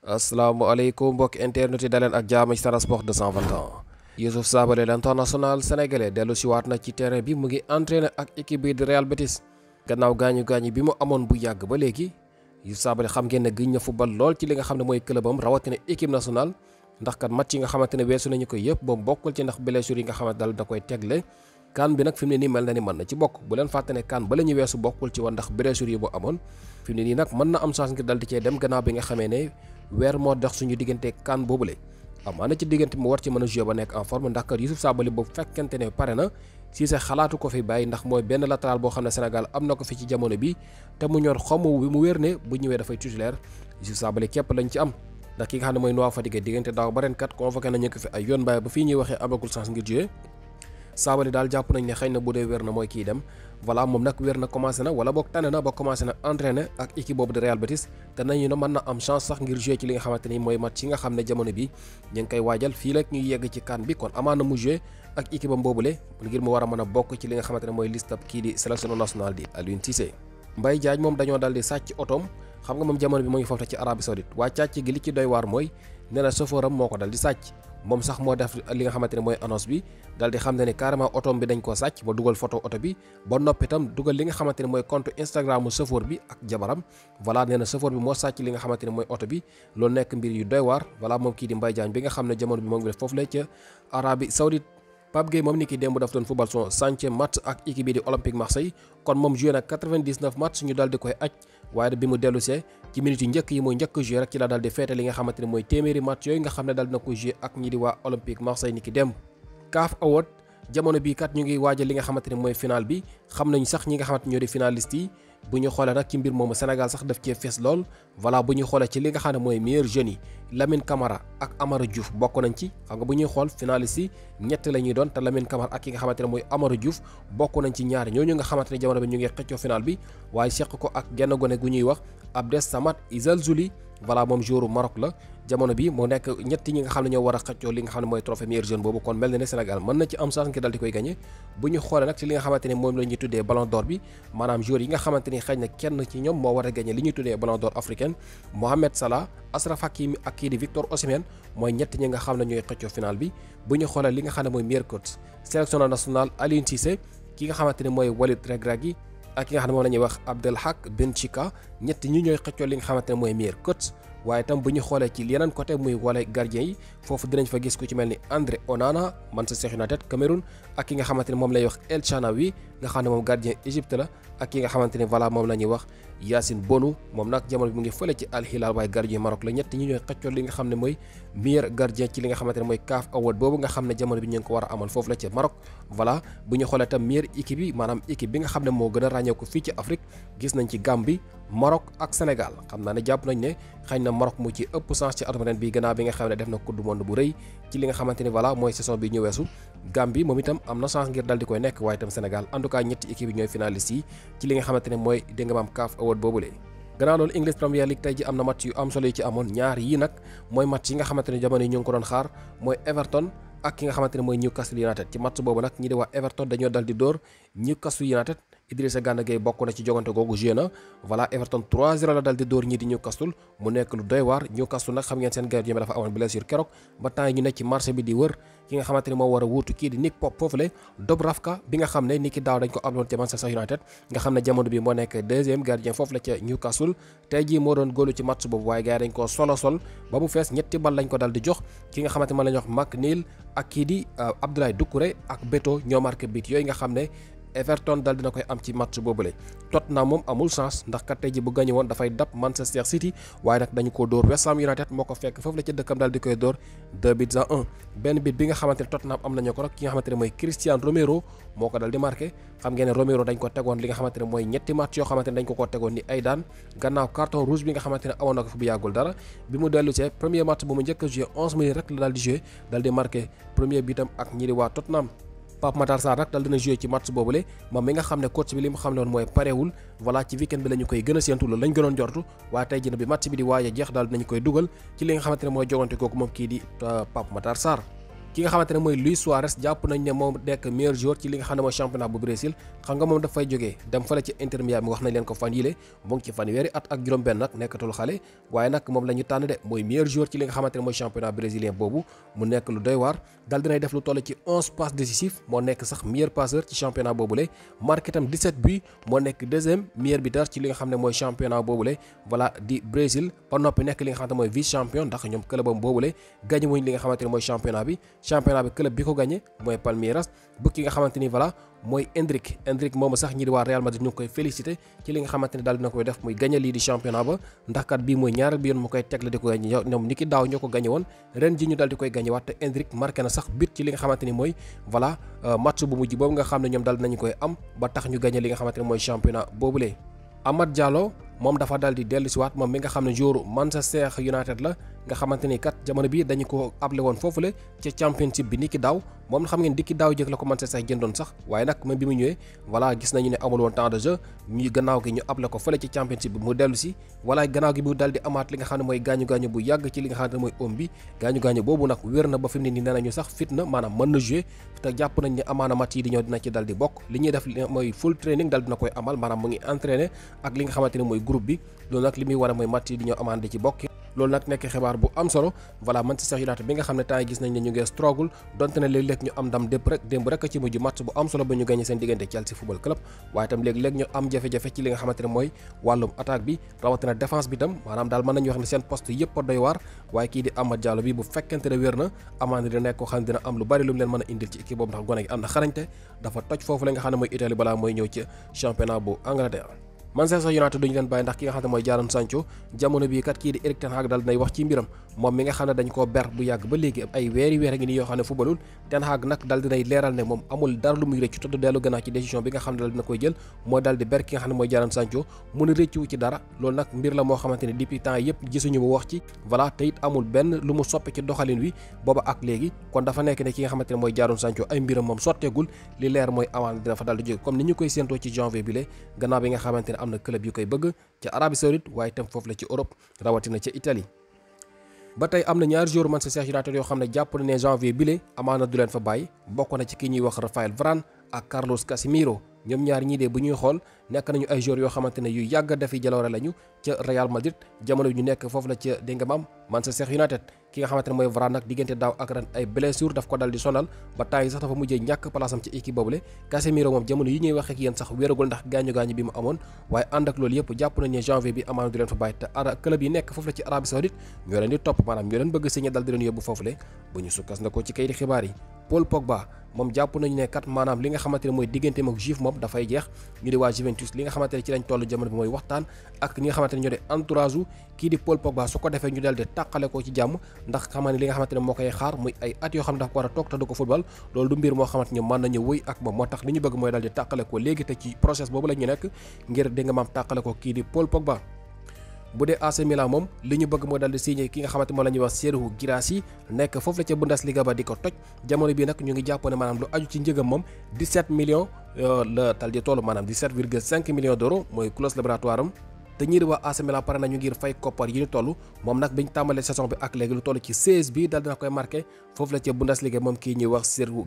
asalaamualeykum mbokk internet yi daleen ak jaam ci Sen Sports 221 Youssouf Sabaly l'international sénégalais dellu si na ci terrain bi mu ngi entraîné ak équipe bi di Real Betis gannaaw gaañu gaañu bi mu amoon bu yàgg ba léegi Youssouf Sabaly xam ngeen ne gëñ na football lool ci li nga xam ne mooy clubam rawatina équipe nationale ndax kat match yi nga xamante ne weesu nañu ko yëpp ba mu bokkul ci ndax blessure yi nga xamante dal da koy tegle kan bi nak fimni ni mel na ni man na ci bok bu len faté né kan ba la ñu bokul bokkul ci won ndax brésil yi bu amon fimni ni nak man na am chance ngir dal di cee dem gëna bi nga xamé né mo dox suñu digënté kan boobule amana ci digënté mu war ci mëna jëba nek en forme ndax kat Youssouf Sabaly boobu fekkente ne pare na Cissé xalaatu ko fi bay ndax moy ben latéral bo xamné Sénégal am na ko fi ci jamono bi té mu ñor xamu wi mu wér ne bu da fay titulaire Youssouf sabali képp lañ ci am ndax ki nga xamné moy Noah Fadiga diggante daaw ba ren kat convoqué nañu ko fi ay yoon bay ba fi waxé amagul sans ngir saabali daal jàpp nañ ne xëy na bu dee wér na mooy kii dem voilà moom nag wér na commencé na wala boog tane na ba commencé na entraîné ak équipe boobu de Real Betis te nañu ne mën na am chance sax ngir joué ci li nga xamante ni mooy match yi nga xam ne jamono bi ñu ngi koy waajal fii rek ñuy yegg ci kan bi kon amaan na mu joué ngir mu war a mën a bokk ci li nga xamante ne mooy liste ab kii di sélection nationale di Aliou Cissé Mbaye Diagne moom dañoo daal di sàcc otom xam nga moom jamono bi mu ngi foofu ci Arabie Saoudite waa càcc gi li ci moo ko dal di sàcc moom sax moo def li nga xamante ne mooy annonce bi dal di xam ne ne carrément oto bi dañ koo sàcc ba dugal photo oto bi ba noppi dugal li nga xamante ne mooy compte Instagram mu chauffeur bi ak jabaram voilà nee na chauffeur bi moo sàcc li nga xamante ne mooy oto bi loolu nekk mbir yu doy waar voilà moom kii di Mbaye jaan bi nga xam ne jamono bi moom ngi def foofu la ca Arabie Saoudite Pape Gueye mom niki ki démb daf doon football son centième match ak équipe bi di Olympique Marseille kon mom joué nak 99 matchs ñu daal di koy acc waye bi mu dellusee ci minute yi njëkk yi moy njëkk joué rek ci la daal di feete li nga xamanteni moy mooy match yoy nga xam dal daal dina ko joué ak ñi di wa Olympique Marseille niki dem démb CAF Award jamono bi kat ñu ngi waajal li nga xamanteni moy final bi xam nañ sax ñi nga xamante ñoo di finaliste yi bu ñu xoolee nag ci mbir moomu Sénégal sax daf cee fees lool voilà bu ñu xoolee ci li nga xam ne mooy meilleurs jeunes yi Lamine Camara ak Amara Diouf bokk nañ ci xam nga bu ñuy xool finaliste si ñett la ñuy doon te Lamine Camara ak ki nga xamante ne mooy Amara Diouf bokk nañ ci ñaari ñu nga xamante ne jamono bi ñu ngi xëccoo final bi waaye seq ko ak genn gone gu ñuy wax Abdes Samad Izalzouli voilà moom joueur Maroc la jamono bi mu nekk ñetti ñi nga xam ne ñoo war a xëccoo li nga xam ne mooy trophée meilleur jeune boobu kon mel na ne Sénégal mën na ci am chance ngir dal di koy gagné bu ñu xoolee nag ci li nga xamante ne moom la ñuy tuddee ballon d'or bi maanaam joueur yi nga xamante ni xëy kenn ci ñoom moo war a gagné li ñuy tuddee ballon d'or africaine Mohamed Salah Achraf Hakimi ak kii di Victor Osimhen mooy ñetti ñi nga xam ne ñooy xëccoo final bi bu ñu xoolee li nga xam ne mooy meilleur coach sélectionneur national Aliou Cissé ki nga ne mooy Walid Regragui ak ki nga xam ne moom la ñuy wax Abdel Haq Ben Chika ñett ñi ñooy xëccoo li nga xamante ne mooy meilleur coach waaye itam bu ñu xoolee ci yeneen côté muy wala gardien yi foofu dinañ fa gis ku ci mel ni André Onana Manchester United Cameroun ak ki nga xamante ne moom lay wax El wi nga xam ne moom gardien Égypte la ak yi nga xamante ni voilà moom la ñuy wax Yacine Bonou moom nag jamono bi mu ngi fële ci Al Hilal waaye gardien Maroc la ñett ñi ñooy li nga xam ne mooy meilleur gardien li nga xamante ne mooy CAF Award boobu nga xam ne jamono bi ñu ngi ko war a amal foofu la ci Maroc voilà bu ñu xoolee tam meilleure équipe yi maanaam équipe bi nga xam ne moo gën a ràññeeku fii ci Afrique gis nañ ci Gambie Maroc ak Sénégal xam naa ne jàpp nañ ne xañ na Maroc mu ci ëpp chance ci atum ren bi gannaaw bi nga xam ne def na coupe li nga xamante ni voilà mooy saison bi ñu weesu Gambie moom itam am na chance ngir dal di koy nekk waaye itam ci li nga xamante ne mooy dégg nga maam CAF Award boobule. gannaaw loolu English Premier League tey ji am na match yu am solo yu ci amoon ñaar yii nag mooy match yi nga xamante ne jamono yi ñu ngi ko doon xaar mooy Everton ak ki nga xamante ne mooy Newcastle United ci match boobu nag ñi di waa Everton dañoo dal di dóor Newcastle United. Idrissa Gana Gueye bokk na ci jogante googu joué na voilà Everton 3-0 la dal di dóor ñii di Newcastle mu nekk lu doy waar Newcastle nag xam ngeen seen gardien bi dafa amoon blessure keroog ba temps yi nekk ci marché bi di wër ki nga xamante moo war a kii di Nick Pope foofule Dubravka bi nga xam ne ni daaw dañ ko abloon ca Manchester United nga xam ne jamono bi moo nekk deuxième gardien foofu la ca Newcastle tey jii moo doon góolu Everton dal dina koy am ci match boobule Tottenham moom amul chance ndax kat tey bu gañe woon dafay dab Manchester City waaye nag dañu ko dóor West Ham United moo ko fekk foofu la ci dëkkam daal di koy dóor 2 buts à 1 benn bit bi nga xamante ne Tottenham am nañu ko nag ki nga xamante ne mooy Christian Romero moo ko dal xamante ne mooy ñetti match yoo xamante ne dañ ko ko tegoon ni ay daan gannaaw carton rouge bi nga xamante ne amoon na ko fi bu yàggul dara bi mu dellu premier match bu mu njëkk a joué 11 minutes ak ñi di waa Tottenham Pape Matar Sarr nag dal dina joué ci match boobule moom mi nga xam ne coach bi li mu xam ne woon mooy parewul voilà ci weekend bi la ñu koy gën a séentu loolu lañ gënoon jortu waaye tey jii bi match bi di waaj jeex daal dinañu koy dugal ci li nga xamante ne mooy jogante kooku moom kii di euh, Pape Matar Sarr ki nga xamante ne mooy Luis Suarez jàpp nañ ne moom nekk meilleur joueur ci li nga xam ne mooy championnat bu Brésil xam nga moom dafay jógee dem fale ci Inter Miami ñu li nga xamante moo nekk sax meilleur passeur ci championnat boobule marqué itam mooy championnat bi championnat bi club bi ko gagné mooy Palmeiras bu ki nga xamante ni voilà mooy Endrick Endrick moom sax ñi di waa Real Madrid ñu koy félicité ci li nga xamante ni daal dina koy def muy gagné lii di championnat ba ndax kat bii mooy ñaareel bi yoon mu koy teg la di ko gagné ñoom ni ki daaw ñoo ko gagné woon ren ji ñu daal di koy gagné waat te Endrick marqué na sax but ci li nga xamante ni mooy voilà euh, match bu mujj boobu nga xam ne ñoom daal nañu koy am ba tax ñu gagné li nga xamante ni mooy championnat boobulee Amad Diallo moom dafa daal di dellusiwaat moom mi nga xam ne joueur Manchester United la nga xamante ni kat jamono bi dañu ko able woon foofule ca championship bi ni ki daaw moom xam ngeen dikki daaw jëkk la ko Manchester jëndoon sax waaye nag même bi mu ñëwee voilà gis nañu ne amul woon temps de jeu ñuy gannaaw mu dellu si voilà gannaaw gi mu dal di amaat li nga xam ne mooy gaañu-gaañu bu yàgg ci li nga xam ne mooy om bi gaañu-gaañu boobu nag wér na ba fi ne nii nee sax fit na maanaam mën na jouer te jàpp nañ ne amaana mat yi di ñëw dina ci dal bokk li ñuy def mooy full training dal dina koy amal maanaam mu ngi li nga xamante ne mooy groupe bi loolu nag li muy war a ci bokk loolu nag nekk xibaar bu am solo voilà Manchester United bi nga xam ne temps yi gis nañ ne ñu ngi struggle donte ne léeg-léeg ñu am ndam dépp démb rek ci mujj match bu am solo ba ñu gagné seen diggante Chelsea football club waaye itam léeg-léeg ñu am jafe-jafe ci li nga xamante ne mooy wàllum attaque bi rawatina défense bi tam maanaam daal mën nañu wax ne seen poste yëpp a doy waar waaye kii di Amad Diallo bi bu fekkente ne wér na amaana dina nekk am lu bari lu mu leen mën a indil ci équipe boobu ndax gone gi am na xarañte dafa mooy Italie balaa mooy ñëw ci championnat Manchester United duñu leen bàyyi ndax ki nga xam ne mooy Jadon Sancho jamono bii kat kii di Erik ten Hag daal dinay wax ci mbiram moom mi nga xam ne dañ a ngi bi nga xam xam ne ne rëccuwu ci dara loolu nag mbir la moo xamante ne depuis wi booba ak léegi kon dafa nekk ki nga xamante ne mooy Jadon Sancho ay mbiram moom sotteegul li leer mooy avant dina fa daal di jóge comme ni ñu koy séentoo ci janvier bi gannaaw bi nga xamante ne am na club yu koy bëgg ca Arabie Saoudite waaye tam foofu la ci Europe rawatina ca Italie. ba tey am na ñaari joueur Manchester United yoo xam ne jàpp na ne janvier bile amaana du leen fa bàyyi bokk na ci ki ñuy wax Raphaël Varane ak Carlos Casemiro ñoom ñaar ñii de bu ñuy xool nekk nañu ay joueurs yoo xamante ne yu yàgg dafi jaloore lañu ca Real Madrid jamono ñu nekk foofu la ca dégg nga maam Manchester United ki nga xamante ne mooy Varane nag diggante daaw ak ren ay blessure daf ko dal di sonal ba temps sax dafa mujjee ñàkk palaasam ci équipe boobule Casemiro moom jamono yi ñuy wax ak yéen sax wéragul ndax gaañu gaañu bi mu amoon waaye ànd ak loolu yëpp jàpp nañ janvier bi amaana du leen fa bàyyi nekk foofu la ci Arabie Saoudite ñoo leen na ko ci kayiti xibaar Paul Pogba mom japp nañu ne kat manam li nga xamante moy mooy digganteem ak Juve da fay jeex ñu di wa Juventus li nga xamante ci lañ tollu jamono bi moy waxtaan ak ñi nga xamante ñu di entourage ki di Paul Pogba su ko defee ñu dal di takalé ko ci jamm ndax xamaa li nga xamante mo koy xaar muy ay at yo xam ndax ko wara tok ta football loolu du mbir mo xamante man nañu wëy ak mom motax li ñu bëgg moy dal di takalé ko légui te ci process bobu lañu nekk ngir di nga maam ko ki di Paul Pogba bu dee AC Milan moom li ñu bëgg moo daal di signé ki nga xamante moom la ñuy wax Serhou Guirassy nekk foofu la ca Bundesliga ba di ko toj jamono bi nag ñu ngi jàpp ne maanaam lu aju ci njëgam moom 17 millions euh, la tal di toll maanaam 17 virgule 5 millions d'euros mooy clause libératoire am te ñii di waa AC Milan pare nañu ngir fay koppar yi ñu toll moom nag biñ tàmbalee saison bi ak léegi lu toll ci 16 bi dal dina koy marqué foofu la ca Bundesliga moom kii ñuy wax Serhou